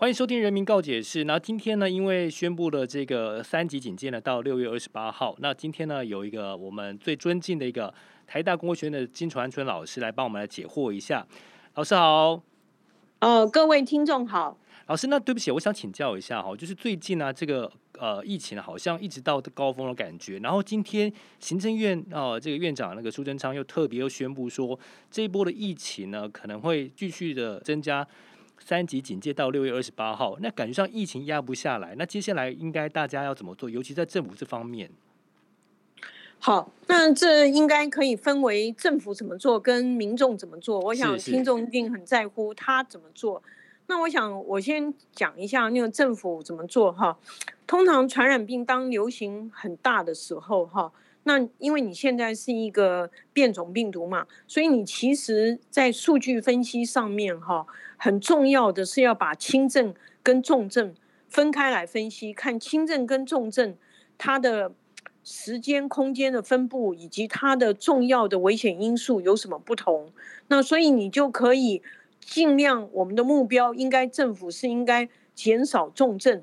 歡迎收聽《人民告解室》。那今天呢，因為宣布了這個三級警戒呢，到六月二十八號。那今天呢，有一個我們最尊敬的一個台大公衛學院的金傳春老師來幫我們來解惑一下。老師好。呃、哦，各位聽眾好。老師，那對不起，我想請教一下哈，就是最近呢、啊，這個呃疫情好像一直到高峰的感覺。然後今天行政院哦、呃，這個院長那個蘇貞昌又特別又宣布說，這一波的疫情呢，可能會繼續的增加。三級警戒到六月二十八號，那感覺上疫情壓不下來，那接下來應該大家要怎麼做？尤其在政府這方面。好，那這應該可以分為政府怎麼做跟民眾怎麼做。我想聽眾一定很在乎他怎麼做。那我想，我先講一下那個政府怎麼做哈。通常傳染病當流行很大的時候哈，那因為你現在是一個變種病毒嘛，所以你其實，在數據分析上面哈，很重要的是要把輕症跟重症分開來分析，看輕症跟重症它的時間、空間的分布，以及它的重要的危險因素有什麼不同。那所以你就可以。盡量，我們的目標應該政府是應該減少重症，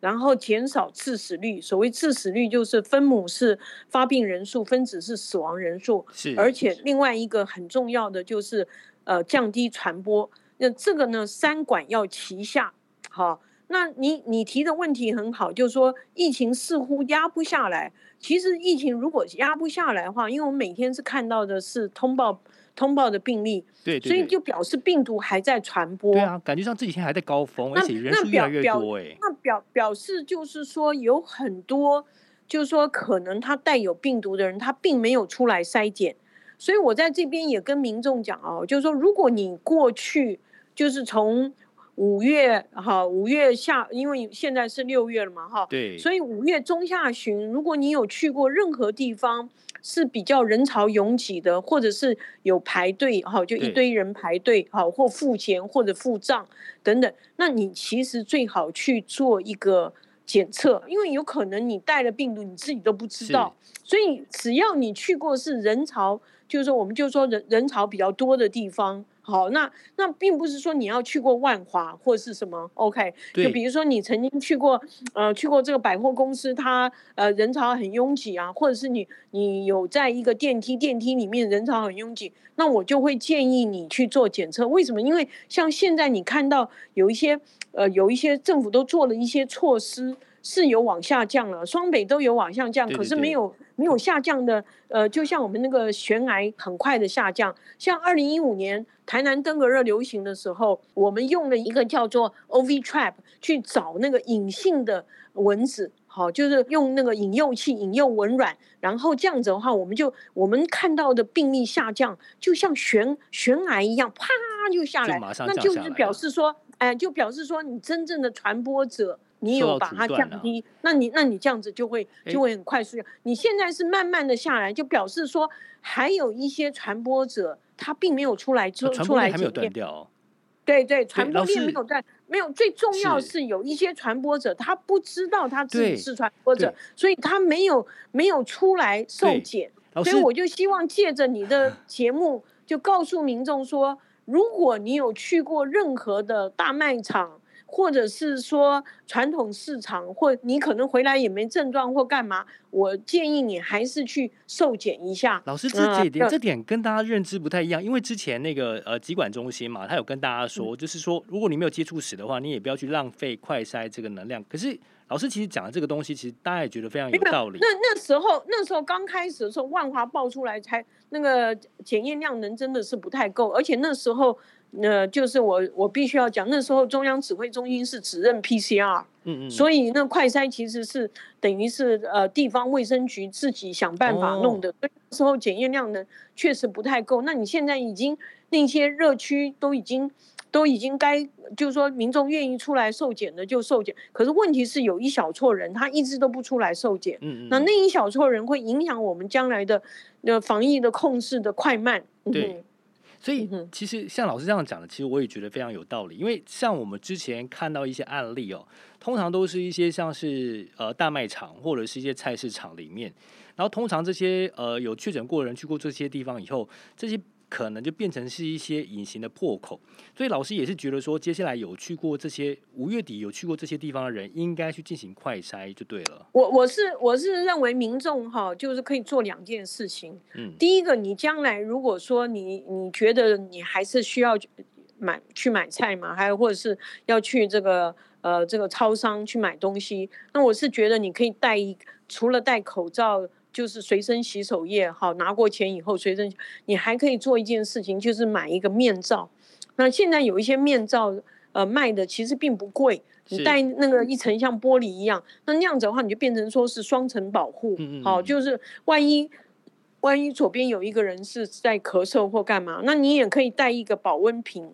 然後減少致死率。所謂致死率就是分母是發病人數，分子是死亡人數。而且另外一個很重要的就是，呃，降低傳播。那這個呢，三管要齊下。好，那你你提的問題很好，就是說疫情似乎壓不下來。其實疫情如果壓不下來的話，因為我們每天是看到的是通報。通報的病例，對對對，所以就表示病毒還在傳播。對啊，感覺上這幾天還在高峰，那而且人數越來越多那。那表表示就是說有很多，就是說可能他帶有病毒的人，他並沒有出來篩檢。所以我在這邊也跟民眾講哦，就是說，如果你過去就是從五月哈，五月下，因為現在是六月了嘛，哈，對。所以五月中下旬，如果你有去過任何地方。是比較人潮擁擠的，或者是有排隊好就一堆人排隊好，或付錢或者付賬等等。那你其實最好去做一個檢測，因為有可能你帶了病毒，你自己都不知道。是所以只要你去過是人潮，就是說我們就說人人潮比較多的地方。好，那那並不是說你要去過萬華或是什麼，OK？就比如說你曾經去過，呃，去過這個百貨公司，它呃人潮很擁擠啊，或者是你你有在一個電梯電梯裡面人潮很擁擠，那我就會建議你去做檢測。為什麼？因為像現在你看到有一些呃有一些政府都做了一些措施。是有往下降了，雙北都有往下降，對對對，可是沒有對沒有下降的，呃，就像我們那個懸崖很快的下降，像二零一五年台南登革熱流行的時候，我們用了一個叫做 O V trap 去找那個隱性的蚊子，好，就是用那個引誘器引誘蚊卵，然後這樣子的話，我們就我們看到的病例下降，就像懸懸崖一樣，啪就下來，就馬上降下來，那就是表示說，哎、呃，就表示說你真正的傳播者。你有把它降低，那你那你這樣子就會就會很快速。你現在是慢慢的下來，就表示說還有一些傳播者他並沒有出來出出來檢驗。傳播鏈還沒有斷掉。對對，傳播鏈沒有斷，沒有。最重要是有一些傳播者他不知道他自己是傳播者，所以他沒有沒有出來受檢。所以我就希望借着你的節目，就告訴民眾說，如果你有去過任何的大賣場。或者是說傳統市場，或你可能回來也沒症狀或幹嘛，我建議你還是去受檢一下。老師，這點這點跟大家認知不太一樣，嗯、因為之前那個呃疾管中心嘛，他有跟大家說，嗯、就是說如果你沒有接觸史的話，你也不要去浪費快篩這個能量。可是老師其實講的這個東西，其實大家也覺得非常有道理。那那時候那時候剛開始的時候，萬華爆出來才那個檢驗量能真的是不太夠，而且那時候。那、呃、就是我我必須要講，那時候中央指揮中心是只認 PCR，嗯嗯，所以那快篩其實是等於是呃地方衛生局自己想辦法弄的，哦、所以那時候檢驗量呢確實不太夠。那你現在已經那些熱區都已經都已經該就是說民眾願意出來受檢的就受檢，可是問題是有一小撮人他一直都不出來受檢，嗯嗯，那那一小撮人會影響我們將來的、呃、防疫的控制的快慢，嗯、對。所以其實像老師這樣講的，其實我也覺得非常有道理。因為像我們之前看到一些案例哦，通常都是一些像是呃大賣場或者是一些菜市場裡面，然後通常這些呃有確診過的人去過這些地方以後，這些。可能就變成是一些隱形的破口，所以老師也是覺得說，接下來有去過這些五月底有去過這些地方的人，應該去進行快篩就對了。我我是我是認為民眾哈，就是可以做兩件事情。嗯，第一個，你將來如果說你你覺得你還是需要買去買菜嘛，還有或者是要去這個呃這個超商去買東西，那我是覺得你可以戴一除了戴口罩，就是隨身洗手液，好拿過錢以後隨身，你還可以做一件事情，就是買一個面罩。那現在有一些面罩，呃，賣的其實並不貴，你帶那個一層像玻璃一樣，那那樣子的話，你就變成說是雙層保護。好，就是萬一萬一左邊有一個人是在咳嗽或幹嘛，那你也可以帶一個保溫瓶。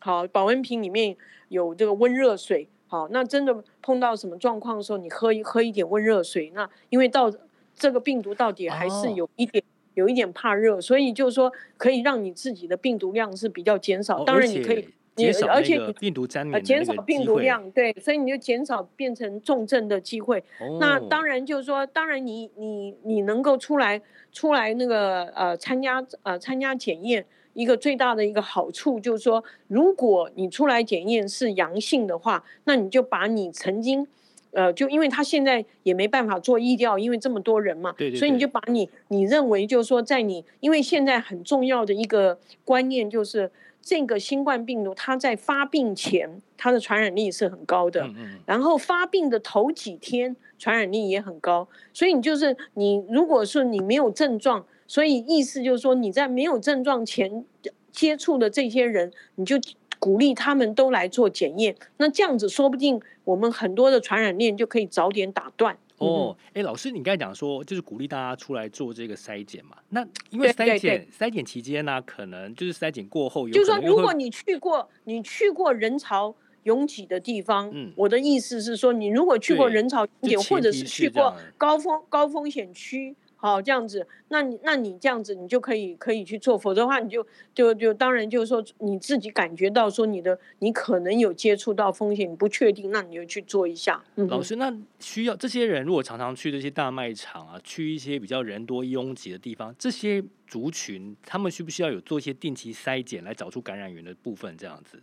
好，保溫瓶裡面有這個溫熱水。好，那真的碰到什麼狀況的時候，你喝一喝一點溫熱水，那因為到。這個病毒到底還是有一點，Oh. 有一點怕熱，所以就是說可以讓你自己的病毒量是比較減少。Oh, 當然你可以，你而且病毒減少病毒量，對，所以你就減少變成重症的機會。Oh. 那當然就是說，當然你你你能夠出來出來那個呃參加呃參加檢驗，一個最大的一個好處就是說，如果你出來檢驗是陽性的話，那你就把你曾經。呃，就因為他現在也沒辦法做疫調，因為這麼多人嘛，對對對，所以你就把你你認為就是說，在你因為現在很重要的一個觀念就是，這個新冠病毒它在發病前它的傳染力是很高的，嗯嗯嗯，然後發病的頭幾天傳染力也很高，所以你就是你如果是你沒有症狀，所以意思就是說你在沒有症狀前接觸的這些人，你就。鼓勵他們都來做檢驗，那這樣子說不定我們很多的傳染鏈就可以早點打斷。哦，哎、欸，老師，你剛才講說就是鼓勵大家出來做這個篩檢嘛？那因為篩檢篩檢期間呢、啊，可能就是篩檢過後，有後，就說如果你去過你去過人潮擁擠的地方，嗯、我的意思是說，你如果去過人潮擁擠或者是去過高風高風險區。好，這樣子，那你那你這樣子，你就可以可以去做，否則的話，你就就就，就當然就是說你自己感覺到說你的你可能有接觸到風險，你不確定，那你就去做一下。嗯、老師，那需要這些人如果常常去這些大賣場啊，去一些比較人多擁擠的地方，這些族群他們需不需要有做一些定期篩檢來找出感染源的部分，這樣子？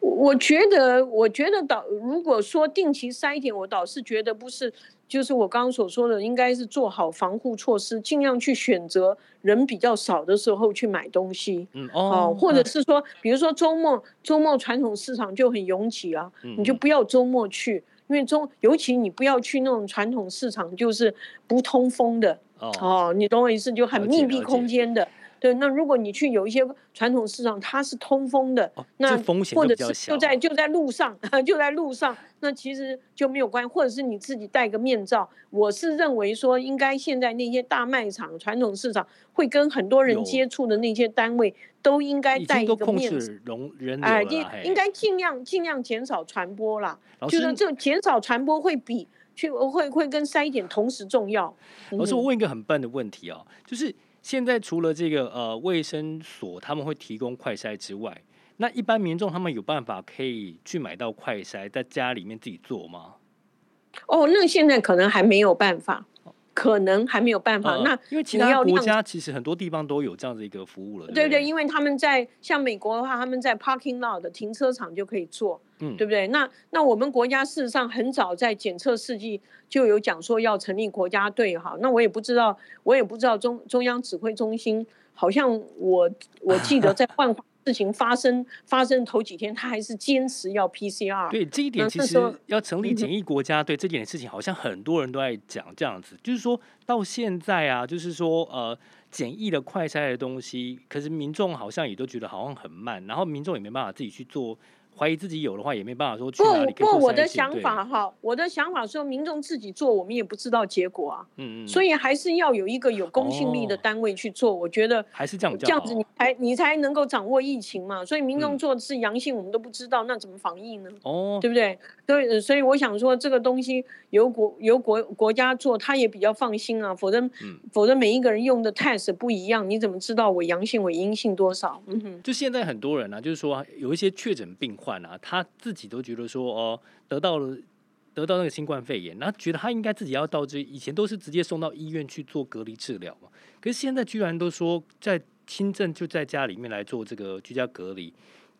我覺得，我覺得導如果說定期篩檢，我倒是覺得不是，就是我剛剛所說的，應該是做好防護措施，盡量去選擇人比較少的時候去買東西。嗯哦，或者是說，嗯、比如說周末，周末傳統市場就很擁擠啊，嗯、你就不要周末去，因為周尤其你不要去那種傳統市場，就是不通風的。哦，哦，你懂我意思，就很密閉空間的。那如果你去有一些傳統市場，它是通風的，那、哦、風險就比較小，或者是就在就在路上，就在路上，那其實就沒有關係，或者是你自己戴個面罩。我是認為說，應該現在那些大賣場、傳統市場會跟很多人接觸的那些單位，有都應該戴一個面，哎，應該盡量盡量減少傳播啦。師就是這減少傳播會比去會會跟篩檢同時重要。我、嗯、說我問一個很笨的問題啊、哦，就是。現在除了這個呃衛生所他們會提供快篩之外，那一般民眾他們有辦法可以去買到快篩，在家裡面自己做嗎？哦，那現在可能還沒有辦法，可能還沒有辦法。哦、那因為其他國家其實很多地方都有這樣子一個服務了，對不對，對？因為他們在像美國的話，他們在 parking lot 的停車場就可以做。嗯，對不對？那那我們國家事實上很早在檢測試劑就有講說要成立國家隊哈。那我也不知道，我也不知道中中央指揮中心，好像我我記得在萬華事情發生、啊、發生頭幾天，他還是堅持要 PCR。對這一點，其實要成立簡易國家隊、嗯、對這件事情，好像很多人都在講這樣子，就是說到現在啊，就是說呃簡易的快篩的東西，可是民眾好像也都覺得好像很慢，然後民眾也沒辦法自己去做。懷疑自己有的話，也沒辦法說去哪裡，不不，不我的想法哈，對我的想法說民眾自己做，我們也不知道結果啊。嗯嗯，所以還是要有一個有公信力的單位去做，哦、我覺得還是這樣講。這樣子你才你才能夠掌握疫情嘛。所以民眾做的是陽性，嗯、我們都不知道，那怎麼防疫呢？哦，對不對？對，所以我想說，這個東西由國由國國家做，他也比較放心啊。否則、嗯、否則每一個人用的 test 不一樣，你怎麼知道我陽性我陰性多少？嗯哼。就現在很多人啊，就是說、啊、有一些確診病患。款啊，他自己都覺得說哦，得到了得到那個新冠肺炎，那覺得他應該自己要到這，以前都是直接送到醫院去做隔離治療嘛，可是現在居然都說在輕症就在家裡面來做這個居家隔離，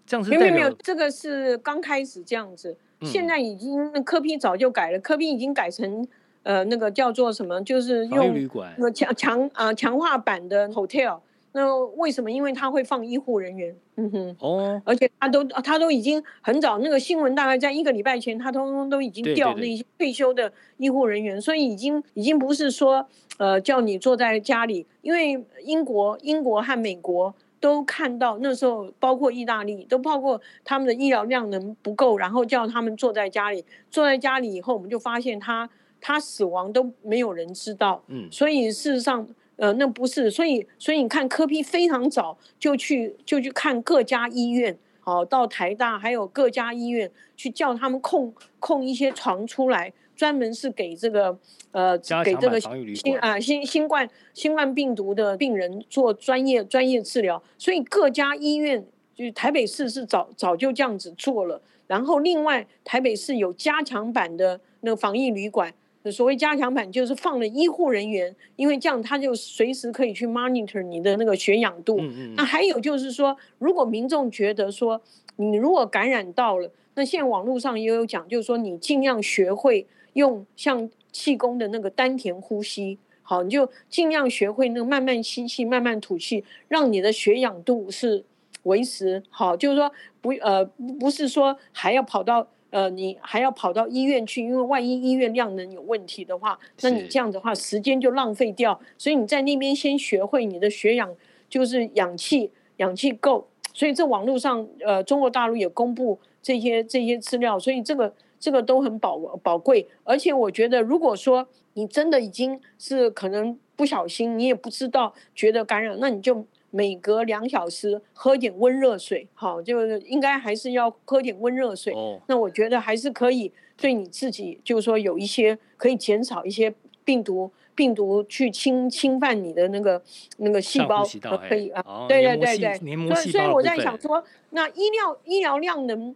這樣子沒有沒有，這個是剛開始這樣子，嗯、現在已經柯 P 早就改了，柯 P 已經改成呃那個叫做什麼，就是用旅館、啊呃，強強啊、呃、強化版的 hotel。那為什麼？因為他會放醫護人員，嗯哼，哦，oh. 而且他都他都已經很早，那個新聞大概在一個禮拜前，他通通都已經調那些退休的醫護人員，對對對，所以已經已經不是說呃叫你坐在家裡，因為英國英國和美國都看到那時候，包括意大利都包括他們的醫療量能不夠，然後叫他們坐在家裡，坐在家裡以後，我們就發現他他死亡都沒有人知道，嗯，所以事實上。呃，那不是，所以，所以你看，柯 P 非常早就去，就去看各家醫院，好，哦，到台大還有各家醫院去叫他們空空一些床出來，專門是給這個呃，給這個新啊新新冠新冠病毒的病人做專業專業治療。所以各家醫院就台北市是早早就這樣子做了，然後另外台北市有加強版的那個防疫旅館。所謂加強版就是放了醫護人員，因為這樣他就隨時可以去 monitor 你的那個血氧度。嗯嗯，那還有就是說，如果民眾覺得說你如果感染到了，那現在網絡上也有講，就是說你儘量學會用像氣功的那個丹田呼吸，好，你就儘量學會那個慢慢吸氣，慢慢吐氣，讓你的血氧度是維持好，就是說不呃，不是說還要跑到。呃，你還要跑到醫院去，因為萬一醫院量能有問題的話，那你這樣的話時間就浪費掉。是所以你在那邊先學會你的血氧，就是氧氣，氧氣夠。所以這網絡上，呃，中國大陸也公布這些這些資料，所以這個這個都很寶寶貴。而且我覺得，如果說你真的已經是可能不小心，你也不知道覺得感染，那你就。每隔兩小時喝點溫熱水，好，就是應該還是要喝點溫熱水。哦、那我覺得還是可以對你自己，就是說有一些可以減少一些病毒病毒去侵侵犯你的那個那個細胞，啊、可以、哦、啊，對對對對，對所以我在想說，對那醫療醫療量能。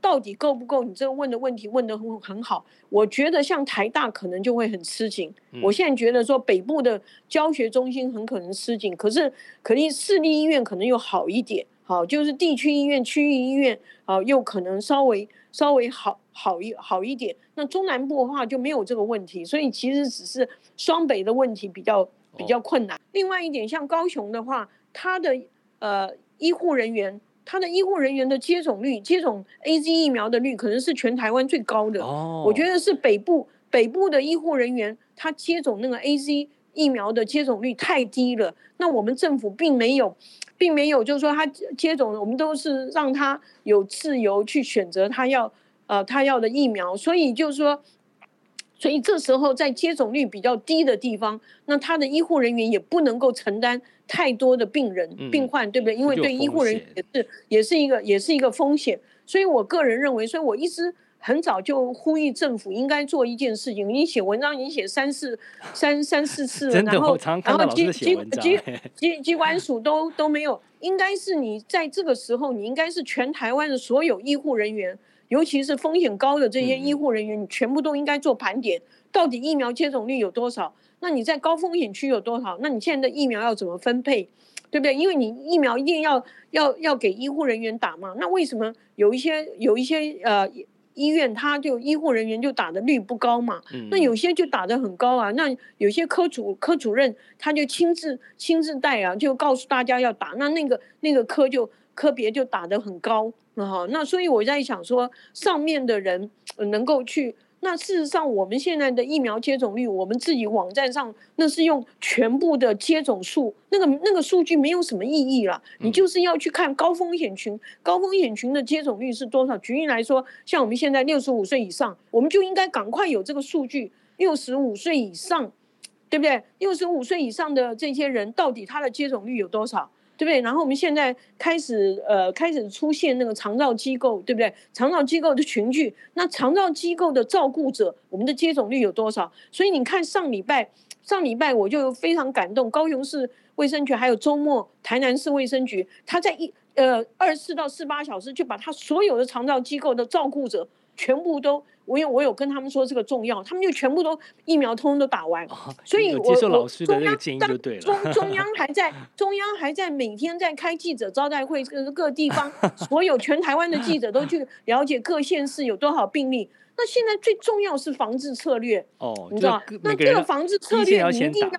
到底夠不夠？你這個問的問題問得很好。我覺得像台大可能就會很吃緊。我現在覺得說北部的教學中心很可能吃緊，可是肯定市立醫院可能又好一點。好，就是地區醫院、區域醫院、呃，好又可能稍微稍微好好一好一點。那中南部的話就沒有這個問題，所以其實只是雙北的問題比較比較困難。另外一點，像高雄的話，它的呃醫護人員。他的醫護人員的接種率，接種 AZ 疫苗的率可能是全台灣最高的。Oh. 我覺得是北部，北部的醫護人員，他接種那個 AZ 疫苗的接種率太低了。那我們政府並沒有，並沒有就是說他接種，我們都是讓他有自由去選擇他要呃他要的疫苗，所以就是說。所以這時候在接種率比較低的地方，那他的醫護人員也不能夠承擔太多的病人、嗯、病患，對不對？因為對醫護人員也是也是一個也是一個風險。所以我個人認為，所以我一直很早就呼籲政府應該做一件事情。你寫文章，你寫三四三三四次， 真的然後然後疾疾疾疾疾管署都都沒有，應該是你在這個時候，你應該是全台灣的所有醫護人員。尤其是風險高的這些醫護人員，你全部都應該做盤點，嗯、到底疫苗接種率有多少？那你在高風險區有多少？那你現在的疫苗要怎麼分配，對不對？因為你疫苗一定要要要給醫護人員打嘛。那為什麼有一些有一些呃醫院他就醫護人員就打的率不高嘛？那有些就打得很高啊。那有些科主科主任他就親自親自帶啊，就告訴大家要打。那那個那個科就。特別就打得很高，好，那所以我在想說，上面的人能夠去，那事實上我們現在的疫苗接種率，我們自己網站上那是用全部的接種數，那個那個數據沒有什麼意義了。你就是要去看高風險群，高風險群的接種率是多少？舉例來說，像我們現在六十五歲以上，我們就應該趕快有這個數據。六十五歲以上，對不對？六十五歲以上的這些人，到底他的接種率有多少？對不對？然後我們現在開始，呃，開始出現那個長照機構，對不對？長照機構的群聚，那長照機構的照顧者，我們的接種率有多少？所以你看上禮拜，上禮拜我就非常感動，高雄市衛生局還有周末台南市衛生局，他在一呃二十四到四八小時，就把他所有的長照機構的照顧者全部都。我有我有跟他們說這個重要，他們就全部都疫苗通通都打完。哦、所以我中央中，中央還在 中央還在每天在開記者招待會，各個地方 所有全台灣的記者都去了解各縣市有多少病例。 那現在最重要是防治策略，哦、你知道？那這個防治策略你一定要。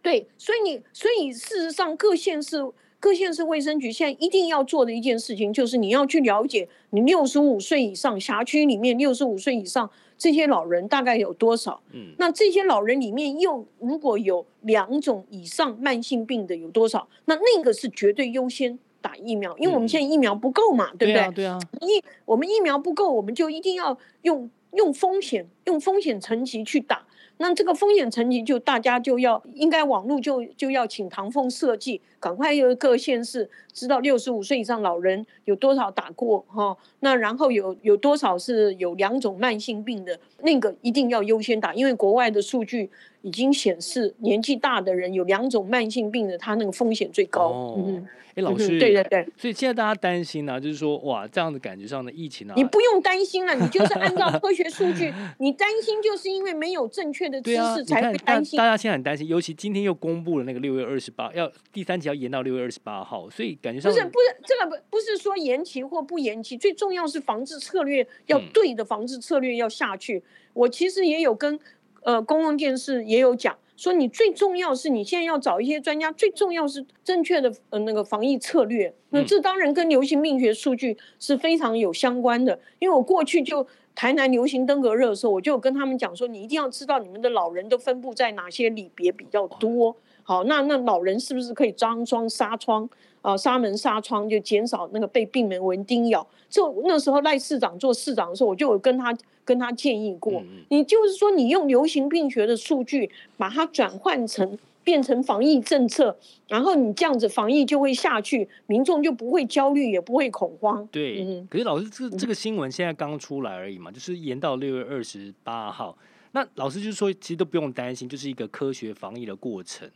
對，所以你所以事實上各縣市。各縣市衛生局現在一定要做的一件事情，就是你要去了解你六十五歲以上轄區裡面六十五歲以上這些老人大概有多少。嗯、那這些老人裡面又如果有兩種以上慢性病的有多少？那那個是絕對優先打疫苗，因為我們現在疫苗不夠嘛，嗯、對不對？對啊，對疫、啊、我們疫苗不夠，我們就一定要用用風險用風險層級去打。那這個風險層級就大家就要應該網絡就就要請唐鳳設計。趕快有各縣市知道六十五歲以上老人有多少打過哈、哦，那然後有有多少是有兩種慢性病的，那個一定要優先打，因為國外的數據已經顯示年紀大的人有兩種慢性病的，他那個風險最高。哦、嗯嗯哼，哎，欸、老師、嗯，對對對，所以現在大家擔心呢、啊，就是說哇，這樣的感覺上的疫情啊，你不用擔心了、啊，你就是按照科學數據， 你擔心就是因為沒有正確的知識才會擔心、啊。大家現在很擔心，尤其今天又公布了那個六月二十八要第三期要。延到六月二十八號，所以感覺上不是不是，這個不不是說延期或不延期，最重要是防治策略要對的，防治策略要下去。嗯、我其實也有跟呃公共電視也有講說，你最重要是你現在要找一些專家，最重要是正確的呃那個防疫策略。那這當然跟流行病學數據是非常有相關的。嗯、因為我過去就台南流行登革熱的時候，我就跟他們講說，你一定要知道你們的老人都分布在哪些里別比較多。好，那那老人是不是可以裝裝紗窗啊，紗、呃、紗門紗窗就減少那個被病媒蚊叮咬。這那時候賴市長做市長的時候，我就有跟他跟他建議過，嗯、你就是說你用流行病學的數據把它轉換成變成防疫政策，然後你這樣子防疫就會下去，民眾就不會焦慮，也不會恐慌。對，嗯、可是老師這這個新聞現在剛出來而已嘛，就是延到六月二十八號。那老師就是說，其實都不用擔心，就是一個科學防疫的過程。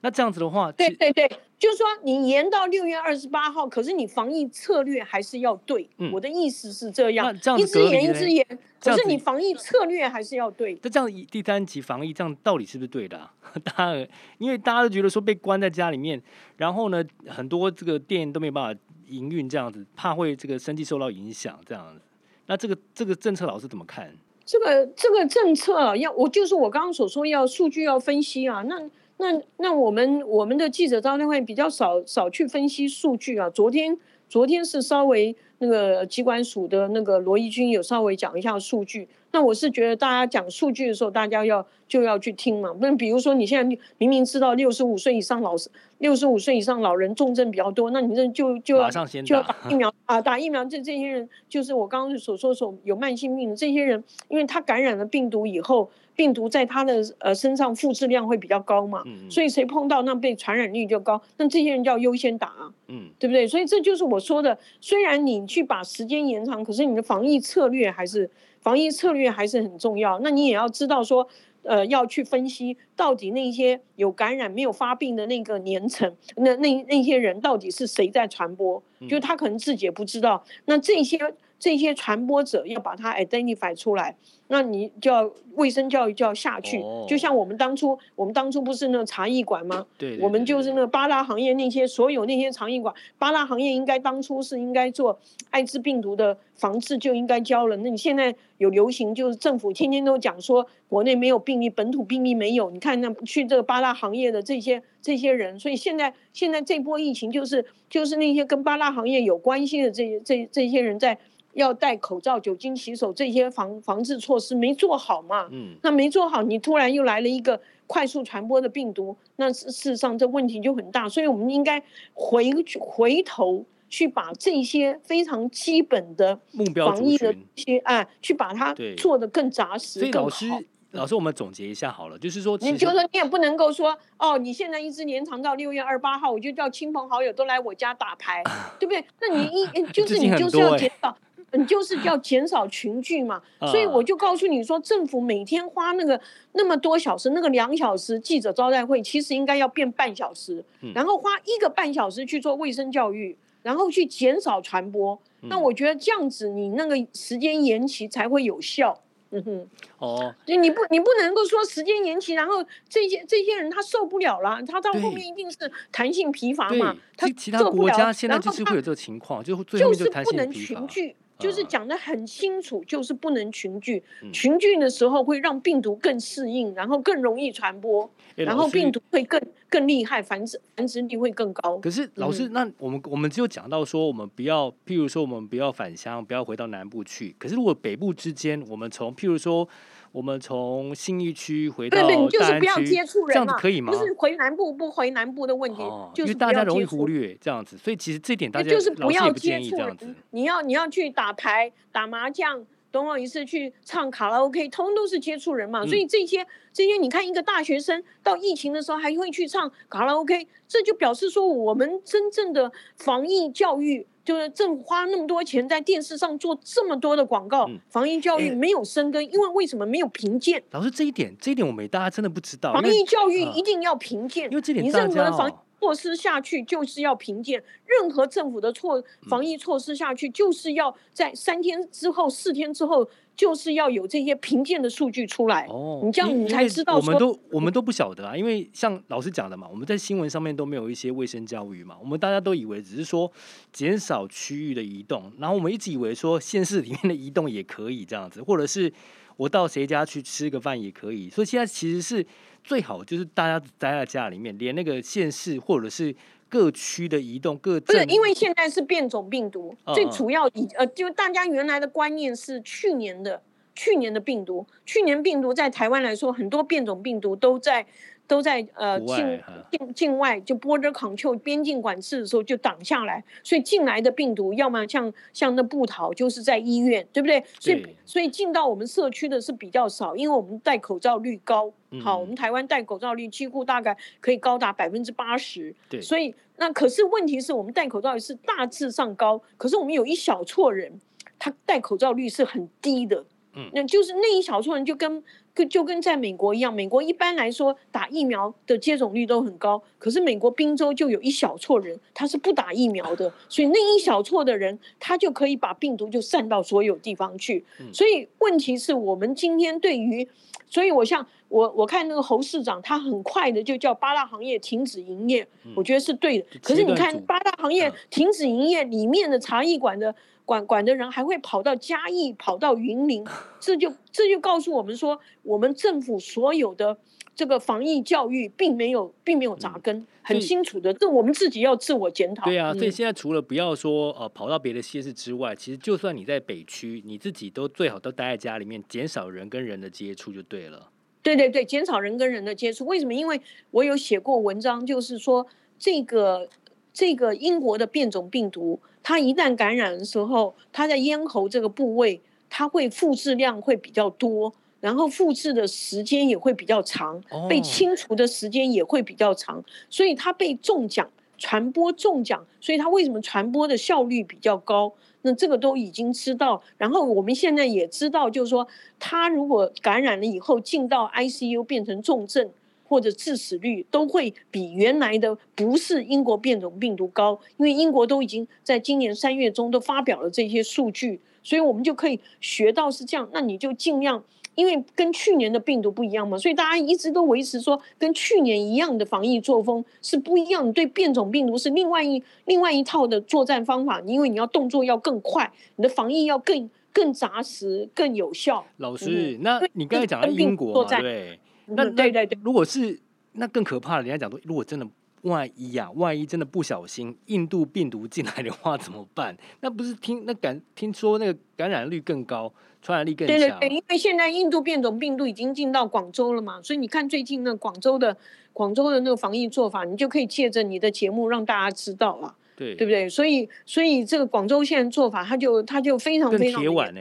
那這樣子的話，對對對，就是說你延到六月二十八號，可是你防疫策略還是要對。嗯、我的意思是這樣，這樣一直延一直延，可是你防疫策略還是要對。那這樣第三級防疫這樣到底是不是對的，啊大家。因為大家都覺得說被關在家裡面，然後呢，很多這個店都沒有辦法營運，這樣子怕會這個生意受到影響，這樣子。那這個這個政策老師怎麼看？這個這個政策要我就是我剛剛所說要數據要分析啊，那。那那我們我們的記者招待會比較少少去分析數據啊，昨天昨天是稍微那個疾管署的那個羅一鈞有稍微講一下數據。那我是覺得，大家講數據的時候，大家要就要去聽嘛。不是，比如說你現在明明知道六十五歲以上老六十五歲以上老人重症比較多，那你這就就要馬上先打，就要打疫苗啊！打疫苗這這些人，就是我剛剛所說的，有慢性病的這些人，因為他感染了病毒以後，病毒在他的呃身上複製量會比較高嘛，所以誰碰到那被傳染率就高，那這些人就要優先打，嗯，對不對？所以這就是我說的，雖然你去把時間延長，可是你的防疫策略還是。防疫策略還是很重要，那你也要知道說，呃，要去分析到底那些有感染沒有發病的那個年層，那那那些人到底是誰在傳播，就他可能自己也不知道，那這些這些傳播者要把它 identify 出來。那你就要衛生教育就要下去，就像我們當初，我們當初不是那個茶藝館嗎？對，我們就是那八大行業那些所有那些茶藝館，八大行業應該當初是應該做艾滋病毒的防治就應該教了。那你現在有流行，就是政府天天都講說國內沒有病例，本土病例沒有。你看那去這個八大行業的這些這些人，所以現在現在這波疫情就是就是那些跟八大行業有關係的這這這些人在要戴口罩、酒精洗手這些防防治措施。是沒做好嘛？嗯，那沒做好，你突然又來了一個快速傳播的病毒，那事實上這問題就很大。所以，我們應該回回頭去把這些非常基本的目標防疫的一些哎，去把它做得更扎實、對好所以老師，嗯、老師，我們總結一下好了，就是說，你就是說你也不能夠說哦，你現在一直延長到六月二十八號，我就叫親朋好友都來我家打牌，啊、對不對？那你一、啊、就是你就是要減少。你就是要減少群聚嘛，呃、所以我就告訴你說，政府每天花那個那麼多小時，那個兩小時記者招待會，其實應該要變半小時，嗯、然後花一個半小時去做衛生教育，然後去減少傳播。嗯、那我覺得這樣子，你那個時間延期才會有效。嗯哼，哦，就你不你不能夠說時間延期，然後這些這些人他受不了了，他到後面一定是彈性疲乏嘛。對他做不了。然後他。其他國家現在就是會有這個情況，就是最後面就是彈性就是講得很清楚，啊、就是不能群聚，嗯、群聚的時候會讓病毒更適應，然後更容易傳播，欸、然後病毒會更師更厲害，繁殖繁殖力會更高。可是老師，嗯、那我們我們只有講到說，我們不要，譬如說，我們不要返鄉，不要回到南部去。可是如果北部之間，我們從譬如說。我們從信義區回到台南區，這樣子可以嗎？就是回南部不回南部的問題，哦、就是大家容易忽略這樣子，所以其實這點大家就是不要接觸人，不建議這樣子。你要你要去打牌、打麻將。等我一次去唱卡拉 OK，通通都是接觸人嘛，所以這些、嗯、這些，你看一個大學生到疫情的時候還會去唱卡拉 OK，這就表示說我們真正的防疫教育就是政府花那麼多錢在電視上做這麼多的廣告，嗯、防疫教育沒有深耕，欸、因為為什麼沒有評鑑？老師，這一點這一點我沒，大家真的不知道。為防疫教育一定要評鑑、呃，因為這點你認可的防。措施下去就是要評鑑，任何政府的措防疫措施下去就是要在三天之後、四天之後，就是要有這些評鑑的數據出來。哦，你這樣你才知道我。我們都我們都不曉得啊，因為像老師講的嘛，我們在新聞上面都沒有一些衛生教育嘛，我們大家都以為只是說減少區域的移動，然後我們一直以為說縣市裡面的移動也可以這樣子，或者是。我到誰家去吃個飯也可以，所以現在其實是最好就是大家待在家裡面，連那個縣市或者是各區的移動各自，因為現在是變種病毒，最、哦、主要以呃，就大家原來的觀念是去年的，去年的病毒，去年病毒在台灣來說，很多變種病毒都在。都在呃境境境外、啊、外就 border control 邊境管制的時候就擋下來，所以進來的病毒要麼像像那部桃，就是在醫院，對不對？對，所以所以進到我們社區的是比較少，因為我們戴口罩率高，好，嗯、我們台灣戴口罩率幾乎大概可以高達百分之八十。對，所以那可是問題是我們戴口罩率是大致上高，可是我們有一小撮人，他戴口罩率是很低的。嗯，那就是那一小撮人就跟。就跟在美國一樣，美國一般來說打疫苗的接種率都很高，可是美國賓州就有一小撮人，他是不打疫苗的，所以那一小撮的人，他就可以把病毒就散到所有地方去。嗯、所以問題是我們今天對於，所以我像我我看那個侯市長，他很快的就叫八大行業停止營業，嗯、我覺得是對的。可是你看八大行業停止營業裡面的茶藝館的管管的人還會跑到嘉義，跑到雲林，這就這就告訴我們說，我們政府所有的這個防疫教育並，並沒有並沒有扎根，嗯、很清楚的，這我們自己要自我檢討。對啊，嗯、所以現在除了不要說呃跑到別的縣市之外，其實就算你在北區，你自己都最好都待在家裡面，減少人跟人的接觸就對了。對對對，減少人跟人的接觸。為什麼？因為我有寫過文章，就是說這個這個英國的變種病毒。他一旦感染的時候，他在咽喉這個部位，他會複製量會比較多，然後複製的時間也會比較長，被清除的時間也會比較長，Oh. 所以他被中獎，傳播中獎，所以他為什麼傳播的效率比較高？那這個都已經知道，然後我們現在也知道，就是說，他如果感染了以後進到 ICU 變成重症。或者致死率都會比原來的不是英國變種病毒高，因為英國都已經在今年三月中都發表了這些數據，所以我們就可以學到是這樣。那你就盡量，因為跟去年的病毒不一樣嘛，所以大家一直都維持說跟去年一樣的防疫作風是不一樣。對變種病毒是另外一另外一套的作戰方法，因為你要動作要更快，你的防疫要更更紮實、更有效、嗯。老師，那你剛才講到英國對，對。那，那、嗯、對對對，如果是那更可怕的，人家講說，如果真的萬一呀、啊，萬一真的不小心印度病毒進來的話怎麼辦？那不是聽那感聽說那個感染率更高，傳染力更強。對對對，因為現在印度變種病毒已經進到廣州了嘛，所以你看最近那廣州的廣州的那個防疫做法，你就可以借着你的節目讓大家知道了。對，對不對？所以所以這個廣州現在做法，它就它就非常非常的鐵腕呢。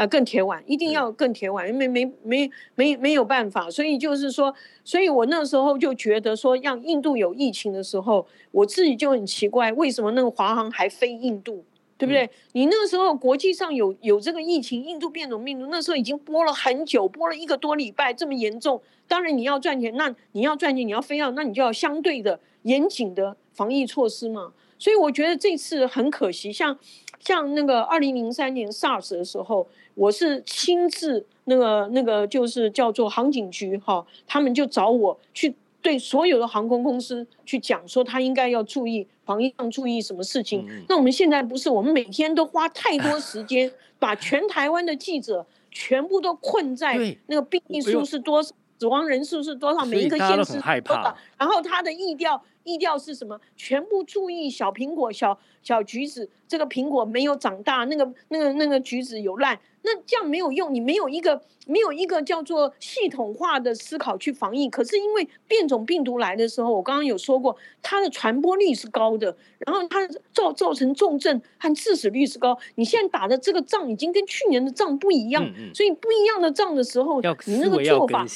啊，更鐵腕，一定要更鐵腕，因為沒沒沒沒沒有辦法，所以就是說，所以我那時候就覺得說，讓印度有疫情的時候，我自己就很奇怪，為什麼那個華航還飛印度，對不對？嗯、你那時候國際上有有這個疫情，印度變種病毒，那時候已經播了很久，播了一個多禮拜，這麼嚴重，當然你要賺錢，那你要賺錢，你要非要，那你就要相對的嚴謹的防疫措施嘛。所以我覺得這次很可惜，像像那個二零零三年 SARS 的時候。我是親自那個那個就是叫做航警局哈、哦，他們就找我去對所有的航空公司去講說，他應該要注意防疫上注意什麼事情。嗯、那我們現在不是我們每天都花太多時間把全台灣的記者全部都困在那個病例數是多少，對死亡人數是多少，以每一個縣市多少。然後他的疫調疫調是什麼？全部注意小蘋果小小橘子，這個蘋果沒有長大，那個那個那個橘子有爛。那這樣沒有用，你沒有一個沒有一個叫做系統化的思考去防疫。可是因為變種病毒來的時候，我剛剛有說過，它的傳播率是高的，然後它造造成重症和致死率是高。你現在打的這個仗已經跟去年的仗不一樣，嗯嗯所以不一樣的仗的時候，你那個做法，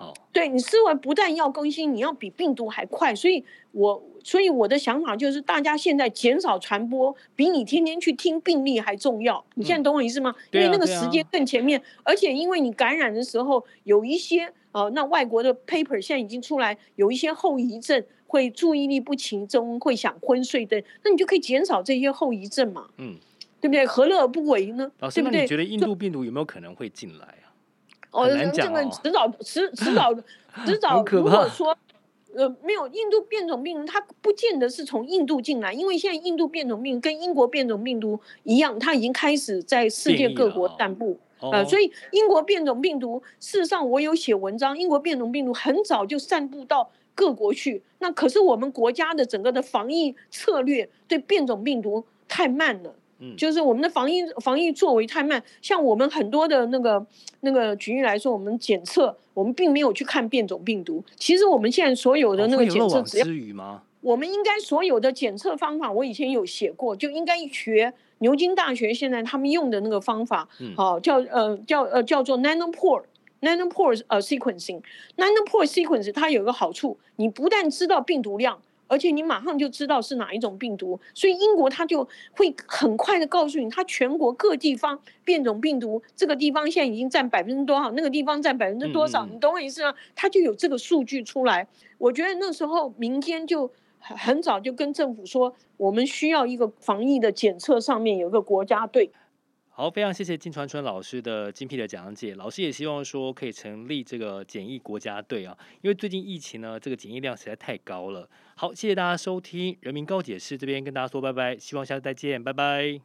哦、對，你思維不但要更新，你要比病毒還快。所以，我。所以我的想法就是，大家現在減少傳播，比你天天去聽病例還重要。你現在懂我意思嗎？嗯，對啊，對啊、因為那個時間更前面，對啊，對啊、而且因為你感染的時候，有一些呃，那外國的 paper 現在已經出來，有一些後遺症，會注意力不集中，會想昏睡的，那你就可以減少這些後遺症嘛。嗯，對不對？何樂而不為呢？老師，對不對？你覺得印度病毒有沒有可能會進來啊？哦，很難講喔，這個，遲早，遲遲早，遲早， 很可怕。如果說。呃，沒有印度變種病毒，它不見得是從印度進來，因為現在印度變種病毒跟英國變種病毒一樣，它已經開始在世界各國散布。哦哦哦哦、呃，所以英國變種病毒，事實上我有寫文章，英國變種病毒很早就散布到各國去，那可是我們國家的整個的防疫策略對變種病毒太慢了。就是我們的防疫防疫作為太慢，像我們很多的那個那個局域來說，我們檢測我們並沒有去看變種病毒。其實我們現在所有的那個檢測，只要、哦、嗎我們應該所有的檢測方法，我以前有寫過，就應該學牛津大學現在他們用的那個方法，好、嗯哦、叫呃叫呃叫做 nanopore nanopore 呃 sequencing nanopore sequencing 它有個好處，你不但知道病毒量。而且你馬上就知道是哪一種病毒，所以英國他就會很快的告訴你，他全國各地方變種病毒，這個地方現在已經占百分之多少，那個地方占百分之多少，你懂我意思嗎？他就有這個數據出來。我覺得那時候民間就很早就跟政府說，我們需要一個防疫的檢測，上面有個國家隊。好，非常謝謝金傳春老師的精闢的講解。老師也希望說可以成立這個檢疫國家隊啊，因為最近疫情呢，這個檢疫量實在太高了。好，謝謝大家收聽《人民告解室》，這邊跟大家說拜拜，希望下次再見，拜拜。